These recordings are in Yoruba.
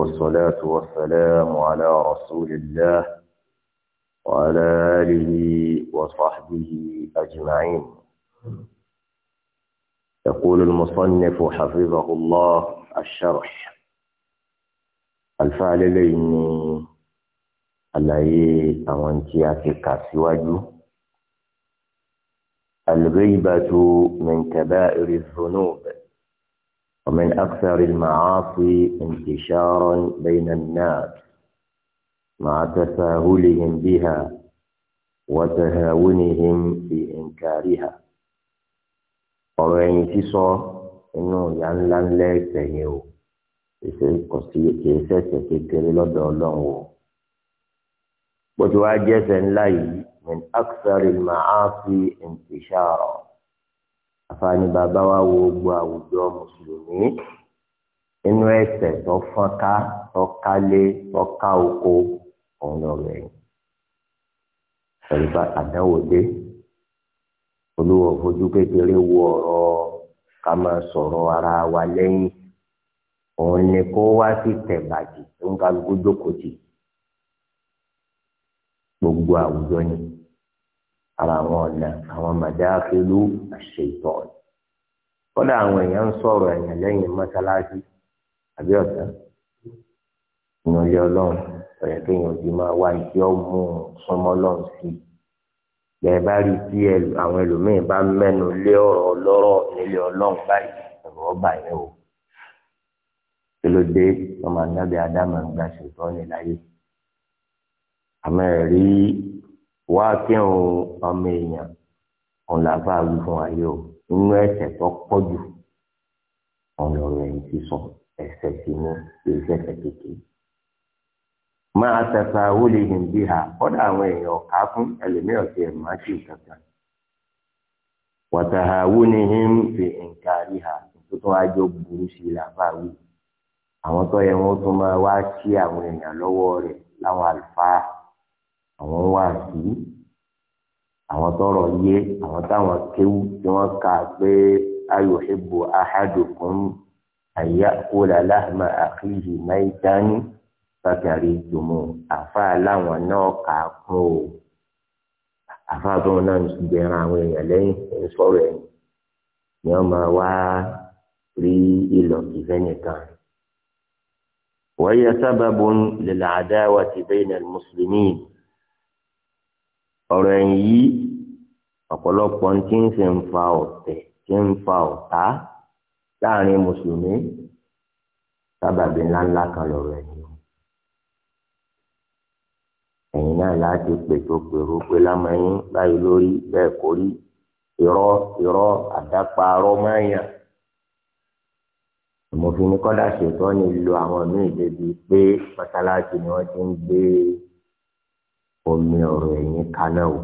والصلاة والسلام على رسول الله وعلى آله وصحبه أجمعين يقول المصنف حفظه الله الشرح الفعل لين àlàyé àwọn tí a ti ka ومن أكثر المعاصي انتشارا بين الناس مع تساهلهم بها وتهاونهم في إنكارها ọ̀rọ̀ ẹ̀yìn sísọ inú ìyá ńlá ńlá ẹ̀ṣẹ̀ yẹn o èsè kò sí kì í ṣẹ̀ṣẹ̀ kékeré lọ́dọ̀ ọlọ́run o bó ti wá jẹ́sẹ̀ ńlá yìí min aksari ma'asi intishara àfààní bàbá wa wo gbogbo àwùjọ mùsùlùmí inú ẹsẹ̀ tó fọ́nká tó kálé tó ká oko òun lọ rẹ̀ yìí pẹ̀lú bá àdáwò dé olúwo fojú kékeré wo ọ̀rọ̀ ká máa sọ̀rọ̀ ara wa lẹ́yìn òun ni kó wá sí tẹ̀bàjì tó ń kálukú jókòó tì gbogbo àwùjọ ni ara àwọn ọ̀nà àwọn màdáfílù àṣetọ̀ kódà àwọn èèyàn ń sọ̀rọ̀ ẹ̀yàn lẹ́yìn mọ́sálásí àbí ọ̀tá ìyàn ilé ọlọ́run ọ̀yẹ́ kéèyàn ti máa wá iṣẹ́ ọmú súnmọ́ ọlọ́run sí i bẹ́ẹ̀ bá rí tí àwọn ẹlòmíín bá mẹ́nu lé ọ̀rọ̀ ọlọ́rọ̀ nílé ọlọ́run báyìí ẹ̀rọ ọba yẹn o kí ló dé ọmọ anábì adámọ̀ ń ṣètọ́ wá kírun ọmọ èèyàn òun làbá wí fún wa yìí o inú ẹ̀ṣẹ̀ tó pọ̀ jù òun lọ̀rọ̀ ẹ̀yìn sísọ ẹ̀ṣẹ̀ sínú iṣẹ́ ẹ̀ṣẹ̀ kékeré máa tẹ̀sà wọlé yìí bí ha kọ́dà àwọn èèyàn ọ̀ká fún ẹlòmíràn ti ẹ̀ máa ṣe kankan wàtàhà wúni hìm fi nkàrí ha tuntun àjọ burú sí i làbá wí àwọn tó yẹ wọn tún máa wá sí àwọn èèyàn lọ́wọ́ rẹ̀ láwọn àlùfáà àwọn wà sí àwọn tọrọ yé àwọn táwọn kéwú tí wọn kà pé ayuhibbu ahadukum ayakula lahma akhihi maitan bàtàrí jùmọ àfa làwọn náà kà kún o àfa tó náà ń jẹran àwọn èèyàn lẹ́yìn ń sọ̀rọ̀ ẹ̀yìn ni wọn máa wá rí ìlọ ìfẹnìkan. وهي سبب للعداوة بين المسلمين ọ̀rọ̀ ẹ̀yìn yìí ọ̀pọ̀lọpọ̀ tí ń ṣe ń fa ọ̀tẹ̀ tí ń fa ọ̀tá láàrin mùsùlùmí sábàbí ńláńlá kan lọ̀rọ̀ ẹ̀yìn o ẹ̀yìn náà láti pètò pèrò pé lámọ́yìn báyìí lórí bẹ́ẹ̀ kò rí irọ́ irọ́ àdáparọ́ mọ́yàn òmòfin ni kọ́dà ṣètọ́ ni lo àwọn míì débi pé mọ́sálásí ni wọ́n ti ń gbé e omi ọ̀rọ̀ ẹ̀yìn kaná o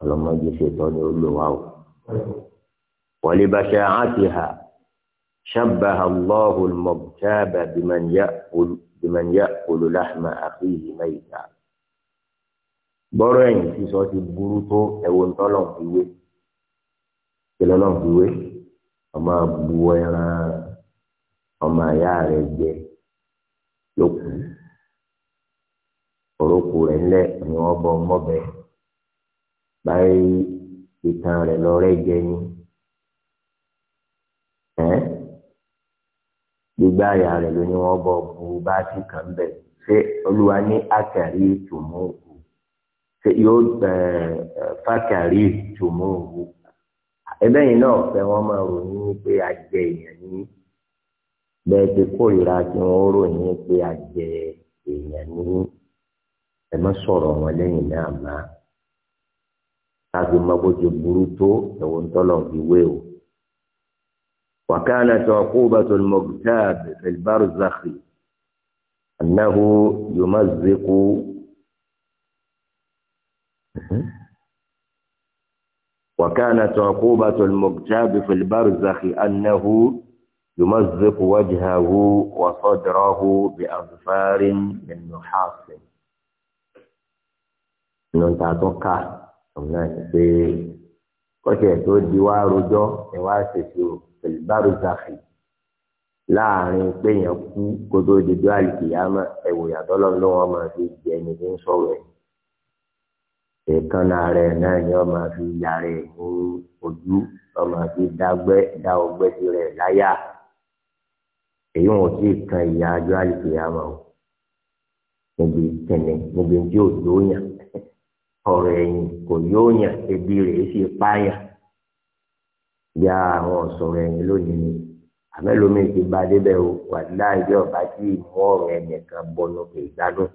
ọlọ́mọdé ṣètò ni olùwà o. ولبشاعتها شبه الله المغتاب بمن يأكل بمن يأكل لحم أخيه ميتا bọ́rọ̀ ẹ̀yìn sísọ ti burú tó ẹ̀wọ̀n tọ́lọ̀ fi wé tọ́lọ̀ ọmọ abu ẹran ọmọ àyá rẹ̀ jẹ́ òkú rẹ̀ ńlẹ̀ ni wọ́n bọ mọ́bẹ báyìí ìtàn rẹ̀ lọ́rẹ́ jẹ ni gbígbá àyà rẹ̀ ló ní wọ́n bọ bu báàtì kan bẹ̀ ṣé olúwa ní àkàrí tòmú òkú ṣé yóò fàkàrí tòmú òkú ẹbẹ́ yìí náà fẹ́ wọ́n máa ròyìn pé àjẹ èèyàn ní bẹ́ẹ̀ ti kórìíra tí wọ́n ròyìn pé àjẹ èèyàn ní. ẹ má sọ̀rọ̀ wọn lẹ́yìn náà má tàbí mọ́gbójú burú tó ẹ̀wọ̀n tọ́lọ̀ fi wé o. وكانت عقوبة المغتاب في البرزخ أنه يمزق وكانت عقوبة المغتاب في البرزخ أنه يمزق وجهه وصدره بأظفار من نحاس nínú ta tó ká òun náà ti pé kọ́sẹ̀ tó di wá rojọ́ ẹ wá ṣèṣe o pẹ̀lú bárò zàkì láàrin péyàn kú kó tó di dúró àlìkìyàmọ̀ ẹ̀wò yàtọ̀ lọ́nà wọn máa fi jẹ ẹni tí ń sọ̀rọ̀ ẹ̀ èékánná rẹ̀ náà ni wọ́n máa fi ya rẹ̀ ní ojú wọ́n máa fi dágbẹ́ dá ọgbẹ́ sí rẹ̀ láyà èyí wọn ò kan ìyá adúlá àlìkìyàmọ̀ níbi kẹ̀nẹ̀ níbi tí ò lóyàn ọ̀rọ̀ ẹ̀yìn kò yóò yàn ebi rẹ̀ sì páyà ya àwọn ọ̀sọ̀rọ̀ ẹ̀yìn lónìí àmẹ́lómi ti ba débẹ̀ o wà láàyè ọba tí ìmú ọ̀rọ̀ ẹ̀nìkan bọnu kò gbádùn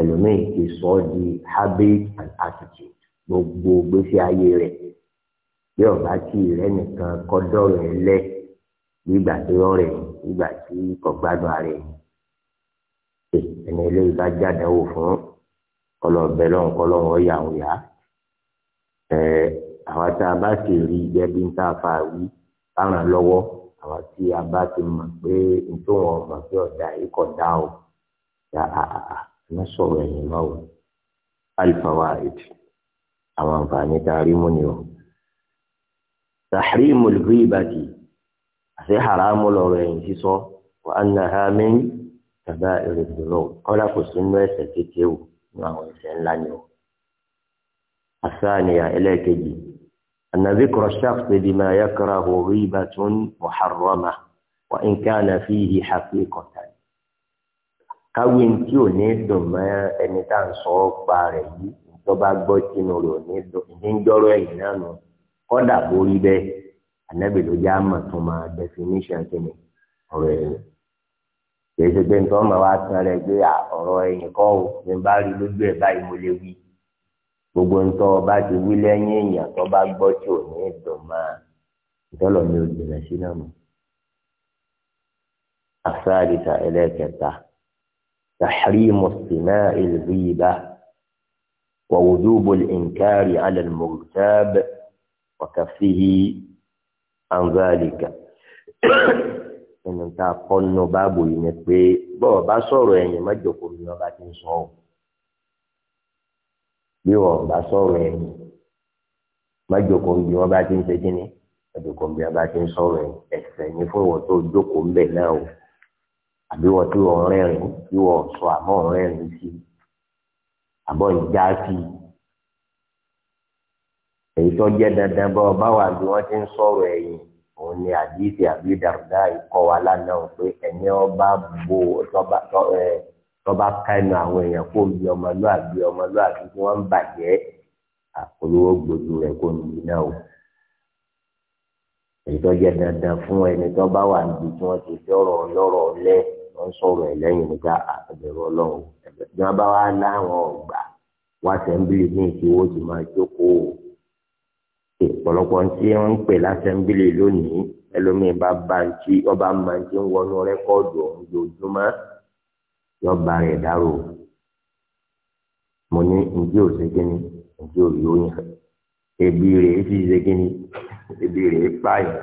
ẹlòmíì ti sọ ọ́ di habit and attitude gbogbo gbèsè ayé rẹ̀ bí ọba tí rẹ̀ nìkan kọ́dọ̀ rẹ̀ lẹ̀ nígbà tí ó rẹ̀ nígbà tí kò gbádùn ara rẹ̀ ẹni eléyìí bá jáde wò fún kọlọ bẹ a bá rí wí lọ́wọ́ tí a bá ti mọ̀ o ya àà sọ̀rọ̀ ẹ̀yìn o àwọn àǹfààní tá a rí mú ni o tahrimul ghibati àti haramu lọ́rọ̀ ẹ̀yìn sísọ kékeré o. ní àwọn ẹ̀ṣẹ̀ ńlá ni o. àsáàníyà ẹlẹ́ẹ̀kejì ànàbíkọ̀rọ̀ ṣáfẹ́ bí máa yákàrà òwú ibà tó ń mọ̀hárọ́mà wà ń ká àná fi yìí hàpé kọ̀tà. káwé tí ò ní dùn mọ́ ẹni tá à ń sọ ọ́ rẹ̀ yìí tó bá gbọ́ sínú rẹ̀ ò ní dùn ní ń ẹ̀yìn náà nù kọ́dà borí bẹ́ẹ̀ ànábì ló já mọ̀ tó máa definition kí ni ọ̀rọ̀ ẹ̀yìn kìí ṣe pé nǹkan máa wá tán rẹ pé ọ̀rọ̀ ẹ̀yìn kọ́ o ní bá rí lójú ẹ̀ báyìí mo lè wí gbogbo nǹkan ọba ti wí lẹ́yìn èèyàn tó bá gbọ́ tí ò ní ìdùn máa ìtọ́lọ̀ mi ò jìnà sí náà mọ́. àṣàlìṣà ẹlẹ́kẹta tahrimu simaa al-ghiba wa wujubu al-inkari ẹnu tá a kọ́ nínú báàbò yìí ni pé bọ́ọ̀ bá sọ̀rọ̀ ẹ̀yìn mọ́jọ̀kọ mi ọba ti ń sọ ọ́ bí wọ́n bá sọ̀rọ̀ ẹ̀yìn mọ́jọ̀kọ mi ọba ti ń ṣe kí ni mọ́jọ̀kọ mi ọba ti ń sọ̀rọ̀ ẹ̀sẹ̀ ni fún wọn tó jókòó ń bẹ̀ náà o àbí wọ́n tí wọ́n rẹ́rìn tí wọ́n sọ àmọ́ rẹ́rìn sí àbọ̀ ìjà sí èyí tó jẹ́ dandan bọ́ báwa bí wọ́n ti ń sọ̀rọ̀ ẹ̀yìn òun ni àdìsí àbí dàrúdà ikọ̀ wa lánàá pé ẹ̀yìn ọba bo tọ́ba kánú àwọn èèyàn kó mi ọmọlúàbí ọmọlúàbí tí wọ́n ń bàjẹ́ àpolówó gbòdú rẹ̀ kó mi náà o. èyí tó jẹ́ dandan fún ẹni tó bá wà níbi tí wọ́n ti dọ́rọ̀ lọ́rọ̀ lẹ́ wọ́n sọ̀rọ̀ ẹ̀ lẹ́yìn nígbà àtẹ̀bẹ̀rẹ̀ ọlọ́run ẹ̀bẹ̀ tí wọ́n bá wá láwọn ọ̀gbà wá sẹ́ńbìlì ní ìṣòwò ti máa jókòó ìpọ̀lọpọ̀ tí wọ́n ń pè lásẹ̀ńbílì lónìí ẹlòmíì bá bá ń tí ọba máa ń tí ń wọnú rẹ́kọ́ọ̀dù ọ̀hún lójúmọ́ yọba rẹ̀ dárò mo ní ǹjẹ́ ò ṣégeni ǹjẹ́ ò yóò yàn ebi rẹ̀ sì ṣégeni ebi rẹ̀ pààyàn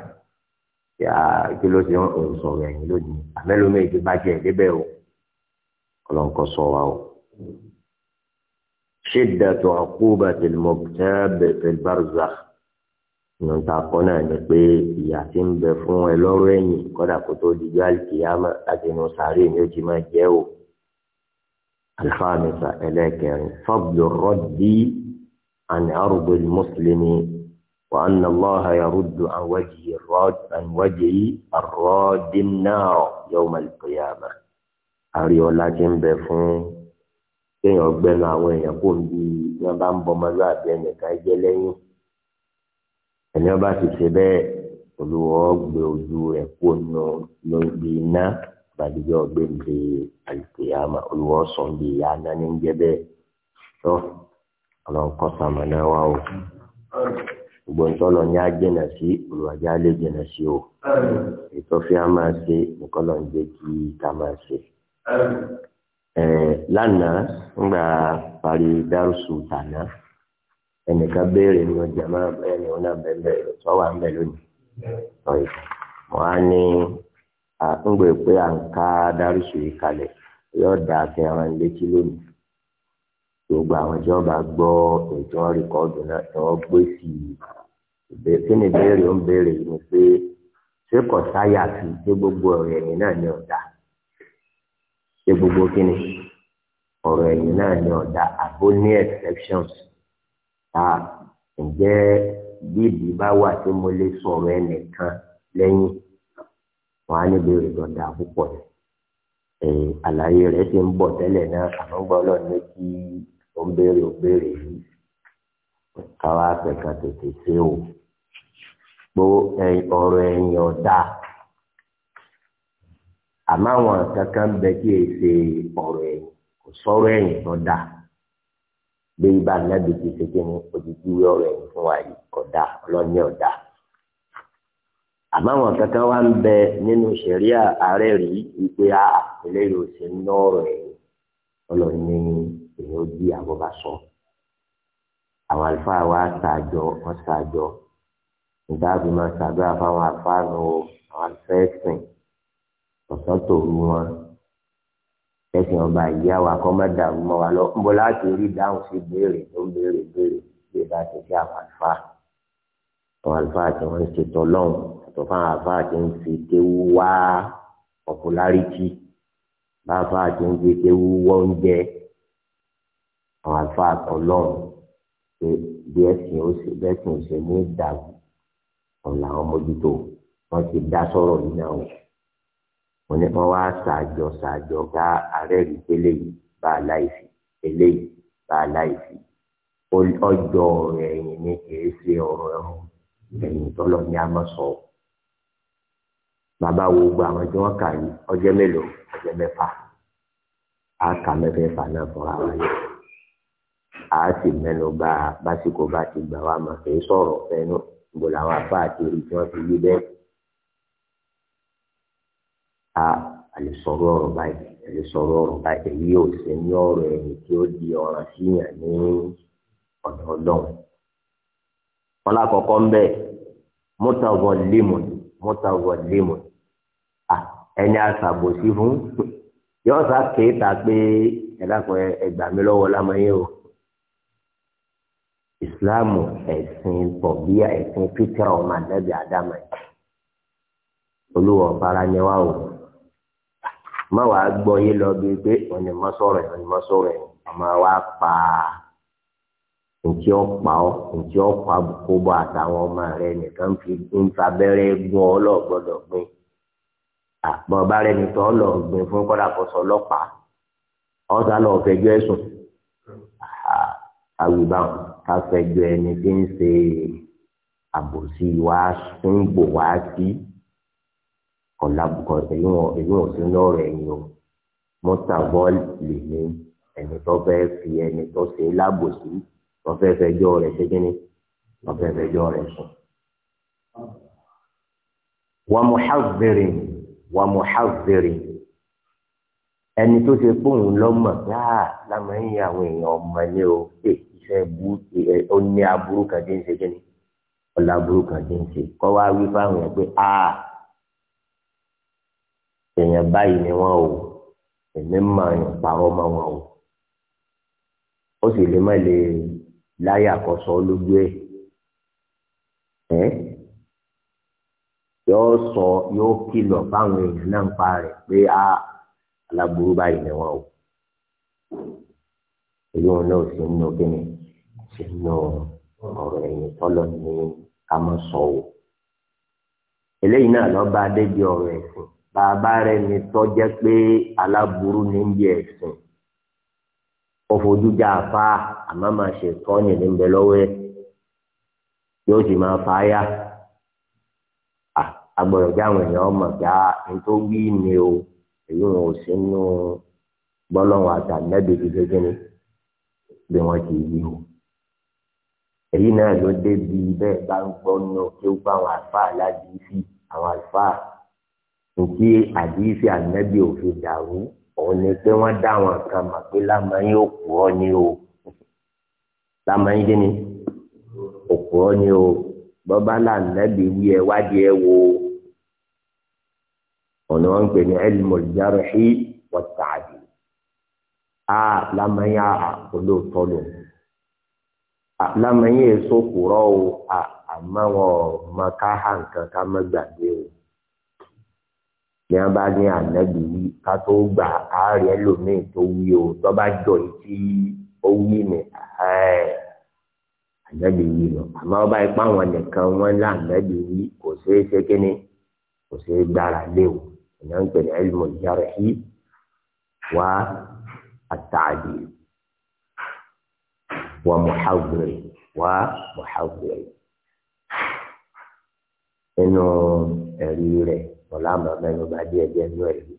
yà kí ló ṣe ń sọ̀rọ̀ ẹ̀yìn lónìí àmẹ́lòmíì ti bá jẹ́ débẹ̀ o ọlọ́nkọ sọ wa o. شدة عقوبة المبتاب في البرزخ ìwọ̀n ta kọ́ náà ni pé ìyà tí ń bẹ fún ẹ lọ́rọ̀ ẹ̀yìn kọ́dà kó tó di jọ́ àlìkìyàmà láti inú sàárè ni ó ti máa jẹ́ o. alifamisa ẹlẹ́kẹrin fọ́bùlù rọ́dí àni arúgbó mùsùlùmí wà á nà lọ́ha yarúdù àwọ̀jì àrọ́dín náà yóò máa kìyàmà. àríọ́lá ti ń bẹ fún kéèyàn gbẹnu àwọn èèyàn kó ń bí wọn bá ń bọ ọmọlúwàbí ẹnìkan jẹ́ lẹ́yìn ẹni ọba ti ṣe bẹ́ẹ̀ olùwọ́ gbé ojú ẹ̀ kó nù lórí iná gbàdúgbò ọ̀gbẹ́ǹde àlùkìyàmà olùwọ́ sọ̀n bí ìyá nání ń jẹ́ bẹ́ẹ̀ tó ọlọ́nkọ́ sàmánà wa o gbogbo ntọ́lọ̀ ní ajẹ́nà sí olùwàjá lè jẹ́nà sí o ètò fi á máa ṣe nìkan lọ́n jẹ́ kí ká máa ṣe. lánàá ń gbà parí dárúsù tànà ẹnìkan béèrè ní ọjà máa bẹ́ẹ̀ ni ọ̀nà bẹ́ẹ̀ sọ wà ń bẹ̀ lónìí. wọ́n á ní àtúngbè pé à ń ká dárúṣu yìí kalẹ̀ yóò dà kí ara ń létí lónìí. gbogbo àwọn ìjọba gbọ́ ètò rìkọ́dù náà tí wọ́n gbé sí i. kí ni béèrè ń béèrè ni pé ṣé kò sáyà sí ṣé gbogbo ọ̀rọ̀ ẹ̀yìn náà ni ọ̀dà ṣé gbogbo kí ni ọ̀rọ̀ ẹ̀yìn náà ni ọ̀dà àbó ní exceptions ta ah, ǹjẹ́ bíbí bá wà tí mo lè sọ̀rọ̀ ẹnìkan lẹ́yìn wọn á níbi ìdọ̀dà púpọ̀ ni àlàyé rẹ̀ ti ń bọ̀ tẹ́lẹ̀ náà àmọ́ gbọ́dọ̀ ní kí ó ń béèrè ó béèrè yìí káwá pẹ̀ka tètè ṣe o gbó ọ̀rọ̀ ẹ̀yìn ọ̀dà àmọ́ àwọn kankan bẹ kí èsè ọ̀rọ̀ ẹ̀yìn kò sọ̀rọ̀ ẹ̀yìn tó dáa bẹ́ẹ̀ bá nábì ti ṣe kíni òjijì ọ̀rọ̀ ẹ̀yìn fún wa yìí ọ̀dà ọlọ́ni ọ̀dà. àmọ́ àwọn kankan wá ń bẹ nínú ṣẹ̀ríà ààrẹ rí wípé a eléyìí ò sí ná ọ̀rọ̀ ẹ̀yìn ọlọ́ni èyí ó di àwọn bá sọ. àwọn àlùfáà wa ṣàjọ wọn ṣàjọ nígbà tí wọn ṣàdúrà fáwọn àlùfáà nù àwọn àlùfáà ẹ̀sìn ọ̀sán tòru wọn ẹ̀sìn ọba ìyá wa kọ́ má dàrú mọ́ wa lọ níbo láti rí dáhùn sí béèrè tó ń béèrè béèrè bí ẹ bá ti ṣe àwọn àlùfáà àwọn àlùfáà tí wọ́n ń ṣètò ọlọ́run àtọ̀ fáwọn àlùfáà tí ń fi kéwú wá popularity bá àlùfáà tí ń fi kéwú wọ́ oúnjẹ àwọn àlùfáà tọ́lọ́run pé bí ẹ̀sìn ó ṣe bẹ́sìn ó ṣe ní ìdàgbù ọ̀la mójútó wọ́n ti dá sọ̀rọ̀ yìí náà wọ̀ wọ́n ní wọ́n wá ṣàjọ ṣàjọ bá arẹ́rìí eléyìí bá a láìsí eléyìí bá a láìsí ọjọ́ ẹ̀yìn ni kìí ṣe ọ̀rọ̀ ẹ̀hún ẹ̀yìn tọ́lọ̀ ni a máa sọ. bàbá wo gba àwọn tí wọ́n kà yìí ọjọ́ mélòó ọjọ́ mẹ́fà á kà mẹ́fẹ̀ẹ́fà náà fúnra wa yìí a sì mẹ́nu bá a básìkò bá ti gbà wá mà kìí sọ̀rọ̀ fẹ́nu ìbò làwọn afá àti orí tí wọ́n fi yí bẹ́ẹ̀ a àlesọ̀rọ̀ ọ̀rọ̀ báyìí àlesọ̀rọ̀ ọ̀rọ̀ báyìí èyí ò sí ní ọ̀rọ̀ ẹni tí ó di ọ̀ràn síyàn ní ọ̀dọ̀ ọlọ́run. wọn lákọ̀ọ́kọ́ ń bẹ̀ mọ́tàwọ̀ lẹ́mọ̀ mọ́tàwọ̀ lẹ́mọ̀ ẹni àṣàbòsí fún yọ sá kéèta pé ẹ̀dàkùn ẹgbà mi lọ́wọ́ lámọ́yé o ìsìláàmù ẹ̀sìn bọ̀bíà ẹ̀sìn pítẹ́rọ̀ ọmọ àdẹ́bí àdámẹ́ olúwọ̀ fara ni wá o má wàá gbọ́ yé lọ bíi pé ọ̀nìmọ̀ sọ̀rọ̀ ẹ̀ ọ̀nìmọ̀ sọ̀rọ̀ ẹ̀ ọmọ wa pa ntí ọ̀pá ọ ntí ọ̀pá kó bọ́ àtàwọn ọmọ rẹ nìkan fi ń fa abẹ́rẹ́ gún ọ lọ́gbọ́dọ̀ gbin àpọ̀ ọba rẹ nìkan lọ gbin fún kọ́dà kọ́sọ ọlọ́pàá ọ̀sán lọ fẹjọ́ ẹ̀sùn àwùbá ká fẹjọ́ ẹni tí ń ṣe àbòsí wa ń gbò wá sí ọ̀làbùkọ̀ inú inú òsín lọ́rọ̀ ẹ̀yìn o mọ́tàbọ́ọ̀lì lè ní ẹni tó fẹ́ fi ẹni tó ṣe lábòsí wọ́n fẹ́ fẹjọ́ rẹ̀ ṣe kí ni wọ́n fẹ́ fẹjọ́ rẹ̀ sùn. wà muhazzirin wà muhazzirin ẹni tó ṣe fóun lọ́mọ yáà lámẹ́yìn àwọn èèyàn ọmọ ní o iṣẹ́ ó ní aburú kan tí ń ṣe kí aburú kan tí ń ṣe kọ́ wá wí fáwọn yẹn pé èèyàn báyìí ni wọ́n o èmi máa ń parọ́ mọ́ wọn o ó sì lè má lè láyé àkọsọ lójú ẹ ẹ yóò sọ yóò kìlọ̀ fáwọn èèyàn náà ń pa rẹ̀ pé a aláburú báyìí ni wọ́n o èyí wọn náà sì ń nù kíni sì ń nù ọ̀rọ̀ ẹ̀yìn tọ́lọ̀ ní ká má sọ o eléyìí náà lọ́ọ́ bá dé bí ọ̀rọ̀ ẹ̀sìn bàbá rẹ̀ ní tọ́jẹ́ pé aláburú ní ń bí ẹ̀sìn ọ̀fọ̀dújà àfa àmọ́ máa ṣe tọ́ni ní ń bẹ lọ́wọ́ ẹ̀ yóò sì máa fà á yá agbọ̀dọ̀ jáwọn èèyàn mọ̀ pé a ah, n tó wí ni o èyí wọn ò sínú gbọ́lọ́wọ́ àtàlẹ́bí gẹ́gẹ́ ni bí wọ́n ti yí o èyí náà ló débi bẹ́ẹ̀ bá ń gbọ́ nínú kí ó gbọ́ àwọn àlùfáà aládìísí àwọn àlùfáà nke àdìsí ànábì òfin dàrú òun ni pé wọ́n dá àwọn kan mà pé lámàáyé òpùrọ́ lamanya o ni o bọ́bá làǹdàbí wí ẹ wádìí ẹ wo ọ̀nà wọn pè ní a a olóòótọ́ lò a lámàáyé èso o àmọ́ wọn ò mọ ká hàn kankan bí wọn bá ní ànábì wí ká tó gbà àárẹ ẹlòmíì tó wí o tó bá jọ etí ó wí ní ànábì wí lọ àmọ́ ọba ipá àwọn nìkan wọn lá ànábì wí kò ṣeé ṣe kíni kò ṣeé gbára lé o ìyá ń pèlè ẹlòmọ ìyára yìí wá àtàdé wà mùhàwìrì wá mùhàwìrì nínú ẹ̀rí rẹ̀ ọ̀la àmọ́ mẹ́nu bá díẹ̀ díẹ̀ ní ẹ̀rí.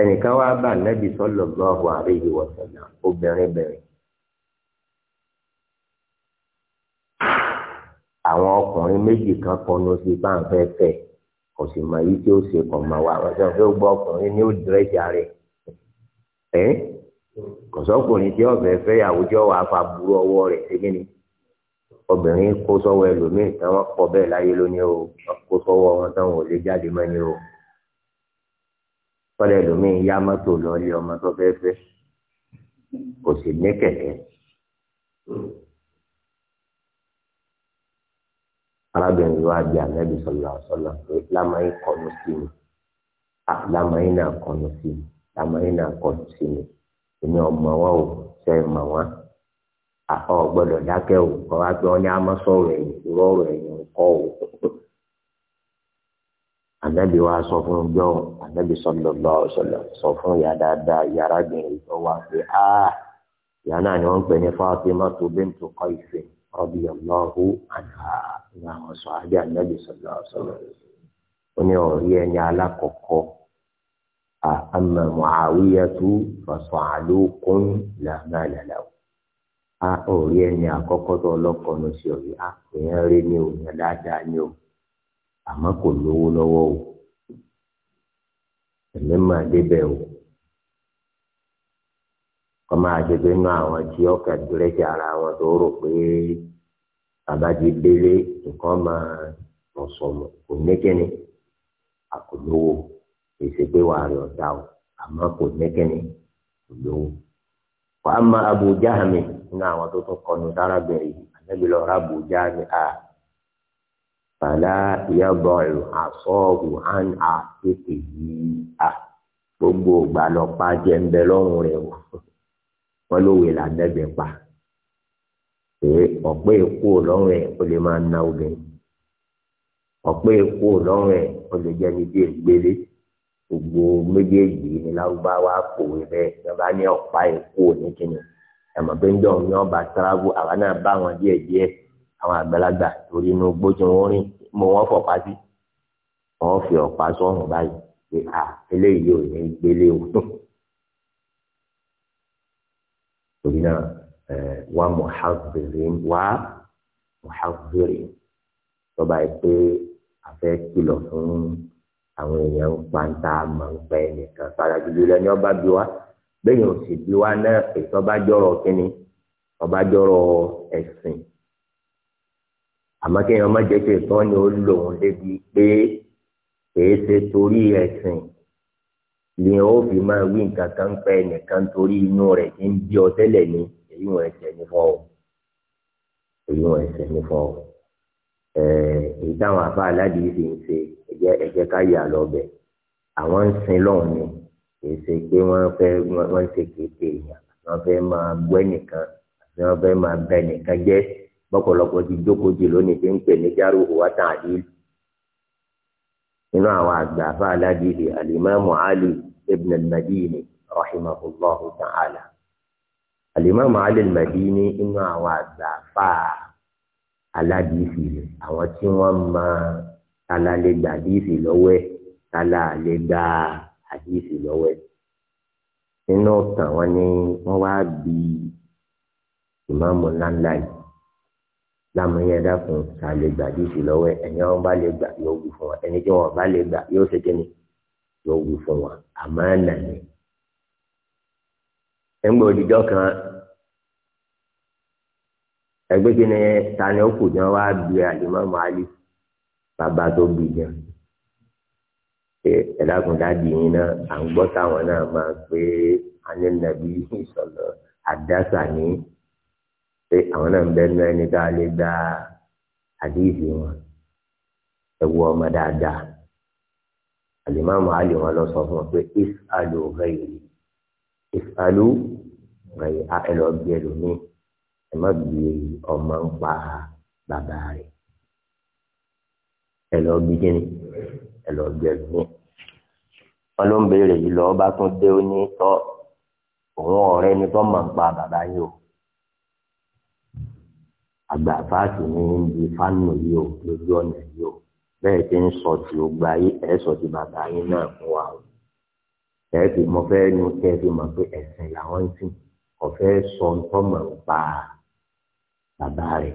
ẹnìkan wá bá nẹ́bí sọ́lọ̀ gbọ́ọ̀hún àríyí wọ̀sánná obìnrin bẹ̀rẹ̀. àwọn ọkùnrin méjì kan kọnu sí báńfẹ́ fẹ́ kò sì mọ èyí tí ó ṣe kàn mọ́ wa wọ́n sọ pé ó gbọ́ ọkùnrin ní ó dírẹ́sì ààrẹ ẹ̀ kò sọ́kùnrin tí ọ̀fẹ́ fẹ́ àwùjọ wàá fa burú ọwọ́ rẹ̀ ṣe kí ni obìnrin kó sọ́wọ́ ẹlòmíì tí wọ́n kọ bẹ́ẹ̀ láyé lónìí o kó sọ́wọ́ wọn táwọn ò lè jáde mọ́ ni o kọ́lẹ̀ ẹlòmíì yá mọ́tò lọ ilé ọmọ tó fẹ́ fẹ́ kò sì ní kẹ̀kẹ́. arábìnrin wa bí anabi sọlá sọlá pé lámàáyín kọnu sí mi lámàáyín náà kọnu sí mi lámàáyín náà kọnu sí mi èmi ọmọ wa ò fẹ́ mọ̀ wọ́n ọ gbọ́dọ̀ dákẹ́ o kọ wá pé wọn ní àmọ́ sọ̀rọ̀ ẹ̀yìn irọ́ ọ̀rọ̀ ẹ̀yìn kọ o ànábì wa sọ fún jọ ànábì sọlọ lọ sọlọ sọ fún ìyá dáadáa ìyá arábìnrin tó wá pé a ìyá náà ni wọn ń pè ní Fatima tó bintu Qais radiyallahu anha ní àwọn sọ ajé ànábì sọlọ sọlọ ó ní ọ̀rí ẹni alákọ̀ọ́kọ́ àmọ́ Muawiyatu fasalukum la mala a ò rí ẹni àkọ́kọ́ tó ọlọ́kọ̀ lọ sí ọ̀rí a èèyàn rí ni o dáadáa ni o àmọ́ kò lówó lọ́wọ́ o èmi máa débẹ̀ o kọ́ máa ṣe pé inú àwọn tí ọkà dúrẹ́sì ara wọn tó rò pé bàbá ti délé nǹkan máa kò ní kíni èsì pé wàá rí ọ̀dà o àmọ́ kò nínú àwọn tó tún kọnu sárábìnrin yìí ànábì lọ ra bòjá ni a fàlà ìyàbọ̀ ẹ̀rù àsọ̀ọ̀hù àn àtètè yìí a gbogbo ògbà lọ pa jẹ ń bẹ lọ́rùn rẹ̀ o wọn ló wé lànàbẹ̀ pa pé ọ̀pẹ́ èkó lọ́rùn ẹ̀ ó lè máa na obìnrin ọ̀pẹ́ èkó lọ́rùn ẹ̀ ó lè jẹ́ ní bí ègbélé gbogbo méjèèjì ní lárúbáwá kòwé bẹ́ẹ̀ ìjọba ní ọ̀pá èkó ní kíni ẹ̀mọ̀ pé ń dọ̀ ní ọba tíráàbù àwa náà bá wọn díẹ̀ díẹ̀ àwọn àgbàlagbà torí inú gbójú wọn rìn mo wọ́n fọ̀pá sí wọ́n fi ọ̀pá sọ́run báyìí pé à eléyìí ò ní gbélé o torí náà eh, wà muhazirin wà muhazirin tọ́ba yìí pé a fẹ́ kìlọ̀ fún àwọn èèyàn ń pa ń pẹ́ nìkan sára jùlọ ní ọba bí wa bẹ́ẹ̀ yóò sì bí wa náà ìtọ́bájọ́rọ̀ kínní ọbájọ́rọ̀ ẹ̀sìn àmọ́ kéèyàn má jẹ́ pé ìtọ́ ni ó lò wọ́n débi pé kìí ṣe torí ẹ̀sìn ni ó fi máa wí nǹkan kan pẹ́ nìkan torí inú rẹ̀ kí ń bí ọ tẹ́lẹ̀ ni èyí wọn ẹ̀sẹ̀ ní fọ́ ọ èyí wọn ẹ̀sẹ̀ ní fọ́ ọ èyí táwọn afá aládìí fi ń ṣe ẹ̀jẹ̀ ká yà lọ bẹ̀ àwọn ń sin lọ́hùn ni kìí ṣe pé wọ́n fẹ́ wọ́n ṣe kéde èèyàn wọ́n fẹ́ máa gbẹ́ nìkan àti wọ́n fẹ́ máa bẹ nìkan jẹ́ bọ́pọ̀lọpọ̀ ti jókòó jù lónìí tí ń pè ní járù wátà àdìl nínú àwọn àgbà àfa aládìlì alimami ali ibn al-madini rahimahullahu ta'ala alimami ali madini inú àwọn àgbà àfa aládìsí àwọn tí wọ́n máa tala lè gbàdìsí lọ́wọ́ tala lè gbàá àdìsí lọ́wọ́ ẹ̀ nínú ọ̀tàn wọn ni wọ́n wá bí ìmáàmù ńláńlá yìí lámúyẹ dákun ta lè gbà àdìsí lọ́wọ́ ẹ̀ ẹni wọn bá lè gbà yóò wù fún wa ẹni tí wọn bá lè gbà yóò ṣe kí ni yóò wù fún wa àmọ́ ẹ̀ ni ẹgbẹ́ òdìjọ́ kan ẹgbẹ́ kí ni ta ni ó kù jẹun wá bí alimami ali bàbá tó bí jẹun pé ẹ̀dàkùn dáàdi yín náà à ń gbọ́ táwọn náà máa pé anẹ́nàbí ìsọ̀lọ̀ àdásà ní pé àwọn náà ń bẹ nú ẹni tá a lè gba àdéhìí wọn ẹ wọ ọmọ dáadáa àlìmáàmù àlè wọn lọ sọ fún wọn pé if alu ghairi if alu ghairi a ẹ lọ bí ẹlòmíì ẹ má bí ọmọ ń pa bàbá rẹ ẹ lọ bí kíni ẹ lọ jẹ mí wọn ló ń béèrè yìí lọ bá tún dé ó ní tọ òun ọ̀rẹ́ ni tó máa ń pa bàbá yìí o àgbà fáàtì ní ibi fánù yìí o lójú ọ̀nà yìí o bẹ́ẹ̀ ti ń sọ ti o gba yìí ẹ̀ sọ ti bàbá yìí náà fún wa o ẹ̀ fi mọ fẹ́ nu kẹ́ ẹ fi mọ̀ pé ẹ̀sìn làwọn ń sìn ọ̀fẹ́ sọ tó máa ń pa bàbá rẹ̀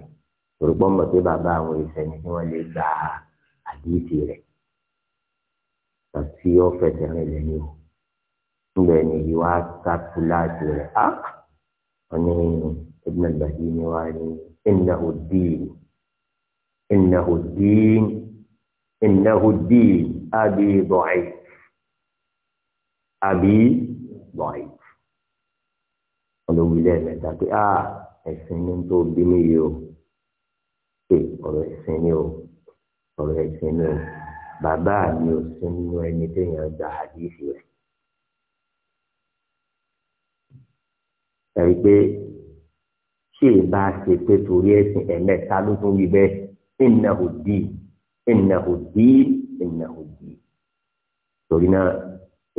torí pọ́n pé bàbá àwọn ìfẹ́ ni kí wọ́n lè gba àdìsí rẹ̀ àti ọ̀fẹ̀sẹ̀ rìnlẹ̀ ni o ńgbẹ̀ ni yìí wá sáfù láti rẹ̀ á ah! wọ́n ní ibn al-Badi ni wá ní innahu ad-din innahu ad-din innahu ad-din abi da'if abi da'if olùwìlẹ̀ pé á ah! ẹ̀sìn ní tó bí mi yìí o pé ọ̀rọ̀ ẹ̀sìn ni o ọ̀rọ̀ ẹ̀sìn ni o bàbá mi ò sí nínú ẹni téèyàn gba àdéhìí rẹ̀. ẹ̀rí pé ṣé ìbá ṣe pé torí ẹ̀sìn ẹ̀mẹ́ta ló tún wí bẹ́ẹ̀ ìnà òdì ìnà òdì ìnà òdì. torí náà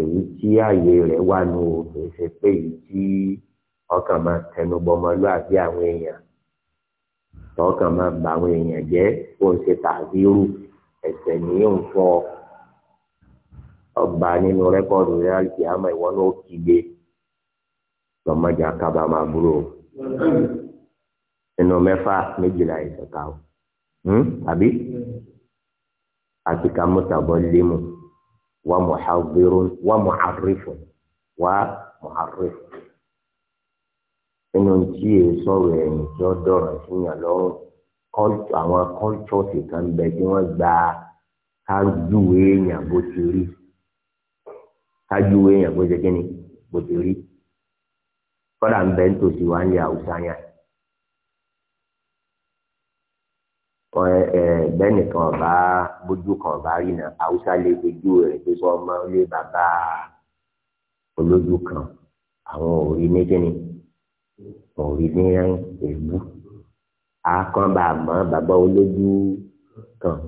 èyí tí ààyè rẹ̀ wà nù o kì í ṣe pé èyí tí ọkàn máa tẹnubọmọlúàbí àwọn èèyàn tọkàn máa bà àwọn èèyàn jẹ́ kó ń ṣe tàbí rú ẹsẹ̀ nìyẹn ń fọ ọgbà nínú rẹ́kọ̀dù rẹ̀ àti àmọ́ ìwọ náà kígbe lọ́mọdé akábàámà búrò nínú mẹ́fà méjìlá ìṣẹ̀ka o hmm? àbí àti ká mọ́tàbọ̀ lému wa muhadhirun wa mu'arrifun wa mu'arrifun tí èyí sọ̀rọ̀ ẹ̀yìn tí ó dọ̀rọ̀ síyàn lọ́rùn àwọn kọ́ńtọ́ọ̀tì kan bẹ tí wọ́n gba kájúwe èèyàn bó ti rí kájúwe èèyàn bó ti kíni bó ti rí kọ́dà ń bẹ nítòsí wa ń lé haúsá yàn. bẹ́ẹ̀ nìkan ọba bójú kan ọba rí náà haúsá lè gbójú rẹ̀ pé sọ ọmọ lé bàbá olójú kan àwọn ò ní kíni ò rí ní èébú akọ́ba àmọ́ bàbá olójú kan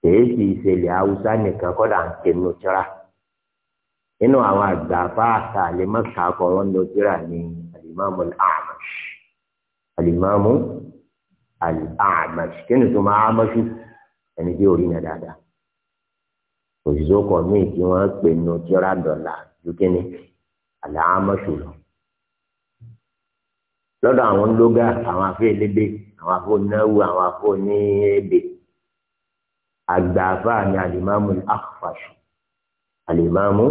tèèkì ìṣẹ̀lẹ̀ haúsá nìkan kọ́dà ń kẹnu tíra nínú àwọn àgbà fáàkà àlèmọ́kà kọ́ wọn lọ tíra ní alimami al-Amash alimami al-Amash kí ni tó máa amashu ẹni tí orí yẹn dáadáa òṣìṣẹ́ ọkọ̀ míì tí wọ́n pè ní dọ̀là ju kí ni lọ́dọ̀ àwọn lóga àwọn afẹ́ elébe àwọn afẹ́ onáwó àwọn afẹ́ oníebe àgbààfà ni alimami al-Akhfash alimami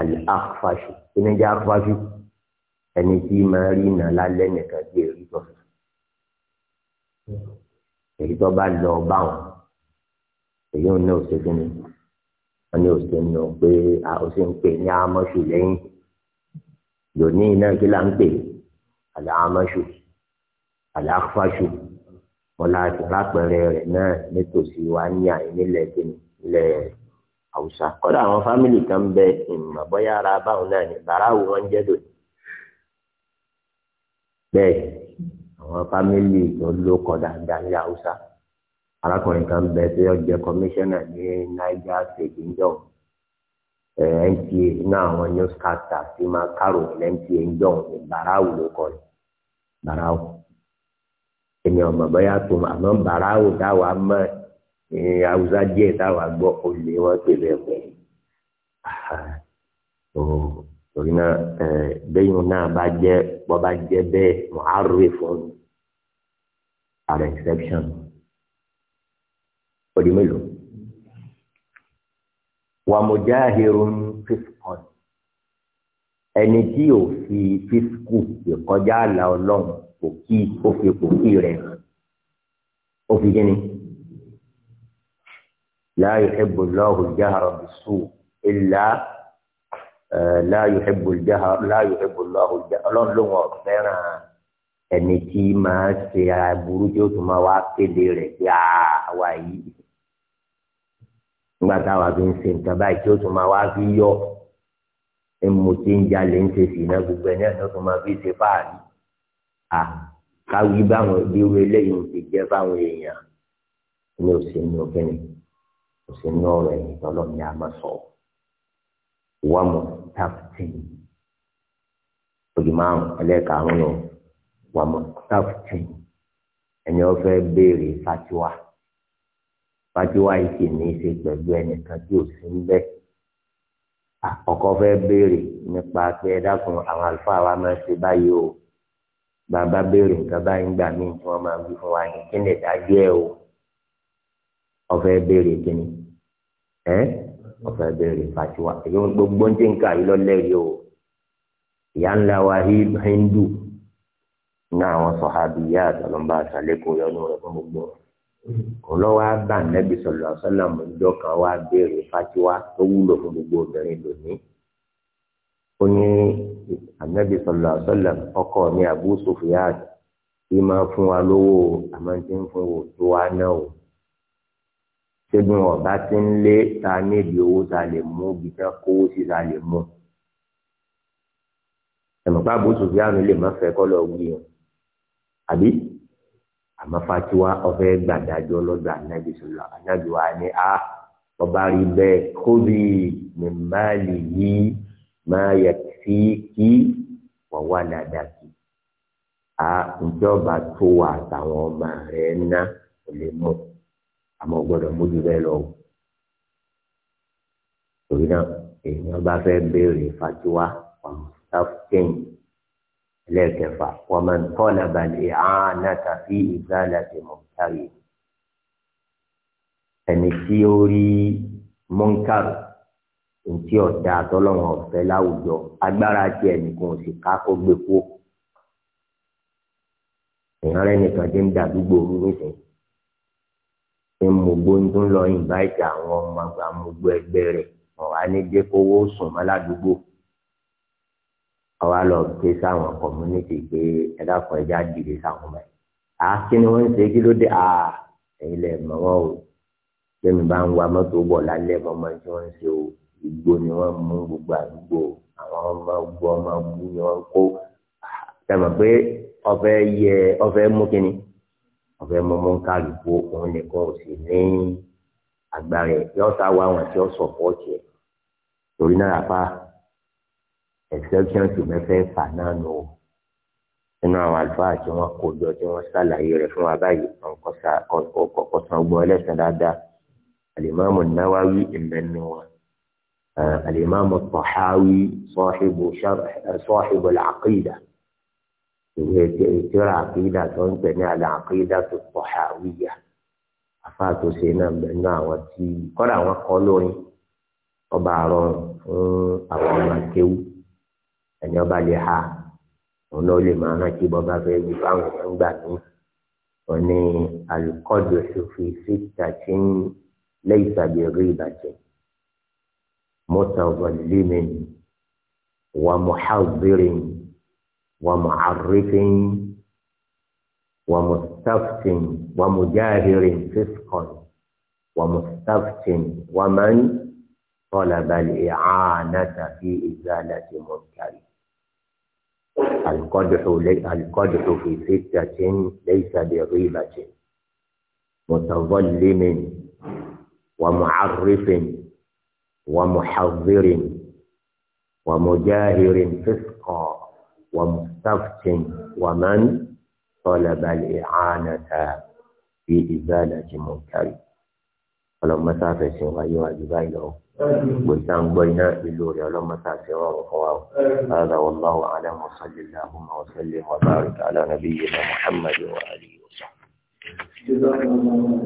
al-Akhfash kíni jẹ́ Akhfash ẹni tí máa rí iná lálẹ́ nìkan tí èyí tó èyí tó bá lọ bá wọn èyí ò ní òsè fún mi wọn ní òsè nù pé òsè ń pè ní amọ̀ṣù lẹ́yìn lónìí náà kí là ń pè é àlàámáṣù àlàáfáṣù wọn láti lápẹẹrẹ rẹ náà nítòsí wa ní àyè nílẹ̀ kíni nílẹ̀ haúsá kódà àwọn fámìlì kan bẹ ìmọ̀ bóyá ara báwọn náà ní bàráwò wọn jẹ́ lòdì bẹ́ẹ̀ àwọn fámìlì tó ló kọ dáadáa ní haúsá arákùnrin kan bẹ tó yọ jẹ kọmíṣánná ní niger state njọ nta náà àwọn newscaster ti máa kárò nta njọ ní bàráwò ló kọ rẹ bàráwò èmi ọmọ bóyá tó àmọ́ bàráwò táwa mọ̀ haúsá díẹ̀ táwa gbọ́ olè wọn pè bẹ́ẹ̀ pẹ́ torí náà bẹ́yìn náà bá jẹ́ wọ́n bá jẹ́ bẹ́ẹ̀ mọ̀ á rè fún exception ó di mélòó wà fífi ẹni tí ò fi fíṣkù ìkọjá àlà ọlọ́run kò kí ó fi kò kí rẹ̀ ó fi kí ni. la yuhibbu Allahu al-jahra bis-su'i illa la yuhibbu al-jahra la yuhibbu Allahu ọlọ́run ló wọ̀ fẹ́ràn ẹni tí máa ṣe aburú tí ó tún máa wá kéde rẹ̀ bí àwa yìí. nígbà táwa fi ń ṣe nǹkan báyìí tí ó tún máa wá fi yọ emoti ń jalè ń ṣe sí iná gbogbo ẹni ẹni tó máa fi ṣe fáàrí à káwí báwọn bí wo eléyìí ti jẹ fáwọn èèyàn ní òsínú kínní òsínú ọ̀rọ̀ ẹ̀yìn tọlọ ni a máa sọ wà mọ táfùtìn òdìmọ àwọn ẹlẹ́ẹ̀karùn nù wà mọ táfùtìn ẹni wọn fẹẹ béèrè fatiwa fatiwa yìí sì ní í ṣe pẹ̀lú ẹnìkan tí ò sí ń bẹ́ẹ̀ àkọ́kọ́ fẹ́ béèrè nípa pé ẹ dákun àwọn àlùfáà wa máa ṣe báyìí o bàbá béèrè nǹkan báyìí ń gbà míì tí wọ́n máa wí fún wa yẹn kí ni ìdájọ́ ẹ o ọ̀fẹ́ béèrè kíni ẹ ọ̀fẹ́ béèrè fàtiwà èyí wọn gbogbo ń tẹ̀ ń kà yìí o ìyá ńlá wa Hindu ní àwọn sọ̀hábì yá àtàlọ́mbà àtàlẹ́kọ̀ọ́ yọnu rẹ̀ fún gbogbo rẹ̀ ọlọ́wọ́ bá nẹ́bí sọ̀rọ̀ àṣọ́nà mọ́jọ́ kan wá béèrè fatiwa tó wúlò fún gbogbo obìnrin lónìí. ó ní ànẹ́bí sọ̀rọ̀ àṣọ́nà ọkọ ní Abu Sufyan kí máa fún wa lówó àmọ́ tí ń fún wò tó wá náà o. ṣégun ọ̀bá ti ń lé ta níbi owó ta lè mú bí tán kówó sí ta lè mú. ẹ̀mọ̀pá Abu Sufyan lè má fẹ́ kọ́ lọ wí o àbí àmọ́ fatiwa ọ̀fẹ́ gbàdájọ́ lọ́dọ̀ anábì sọlọ anábì wa ni a ah, ọba rí bẹ́ẹ̀ kóbi ní máàlì yìí máa yẹ sí kí wọ́n wà ládàkì a ìjọba tó wà àtàwọn ọmọ rẹ̀ ná lè mú àmọ́ gbọ́dọ̀ mójú bẹ́ẹ̀ lọ. torí náà èèyàn bá fẹ́ béèrè fatiwa ọ̀hún sáfù kéyìn ẹlẹ́ẹ̀kẹfà wọ́n tọ́lá balẹ̀ àánátà fi ìzálà ti mọ̀nkárì ẹni tí ó rí mọ̀nkárì ntí ọ̀dà àtọ́lọ́wọ̀n ọ̀fẹ́ láwùjọ agbára tí ẹnìkan sì ká kó gbé kú èèyàn rẹ nìkan ti ń dàdúgbò mi nísìnyí ní mògbó ń tún lọ ìbáìtì àwọn ọmọ àgbà mògbó ẹgbẹ́ rẹ̀ ọ̀hánidé kówó sùn mọ́ àwa lọ ké sáwọn community pé ẹ dákun ẹ já dìde sáwọn ọmọ yìí à kí ni wọ́n ń ṣe kí ló dé à ẹ̀yin lẹ mọ̀ wọ́n o tẹ́mi bá ń wa mọ́tò bọ̀ lálẹ́ mọ́ máa tí wọ́n ń ṣe o igbó ni wọ́n mú gbogbo àdúgbò àwọn ọmọ gbọ́ ọmọ bú ni wọ́n kó tẹ̀mọ̀ pé ọ̀fẹ́ yẹ ọ̀fẹ́ mú kínní ọ̀fẹ́ mú mú kálukú òun nìkan ò sì ní agbára ẹ̀ yọ́ta wá àwọn tí ó sọ̀pọ̀ ọ̀tì ẹ̀ torí náà àfa exception tó mẹ́fẹ́ fà náà nù o nínú àwọn àlùfáà tí wọ́n kó jọ tí wọ́n ṣàlàyé rẹ̀ fún wa báyìí ọkọ̀ san gbọ́ ẹlẹ́sìn dáadáa alimami nawawi ìmẹ́nu wọn alimami tahawi sọ́ọ́hìbù sọ́ọ́hìbù làkìdá ìwé ìtura àkìdá tó ń pè ní àlàkìdá tó tahawiya àfáà tó ṣe náà bẹ̀rù àwọn tí kọ́dà wọn kọ́ lórin ọba àrọ̀ fún àwọn ọmọ akéwù ẹni ọba lè ha òun náà lè máa rántí bọba fẹ́ wí fáwọn èèyàn gbà mí wọn ní alukọdù ṣòfì síta tí ń lẹ́yìn tàbí rí ìbàjẹ́ mọtàvọlímìn wà mọhàbírìn wà mọhàrífìn wà mọtàfìn wà mọjáhìrìn fífkọn wà mọtàfìn wà mọni tọ́lá balẹ̀ àánà tàbí ìzálà tí mo ń kárí. القدح في ستة ليس بغيبة متظلم ومعرف ومحضر ومجاهر فسقا ومستفت ومن طلب الإعانة في إزالة منكر ọlọ́mọsáfẹ́ ṣe wáyé wájú báyìí lọ gbèsè à ń gbọ́ iná ìlú rẹ̀ ọlọ́mọsáfẹ́ wà wọ́n fọwọ́ rárá wallahu a'lam wa sallallahu wa sallim wa barik ala nabiyyina Muhammadin wa alihi wa sahbihi.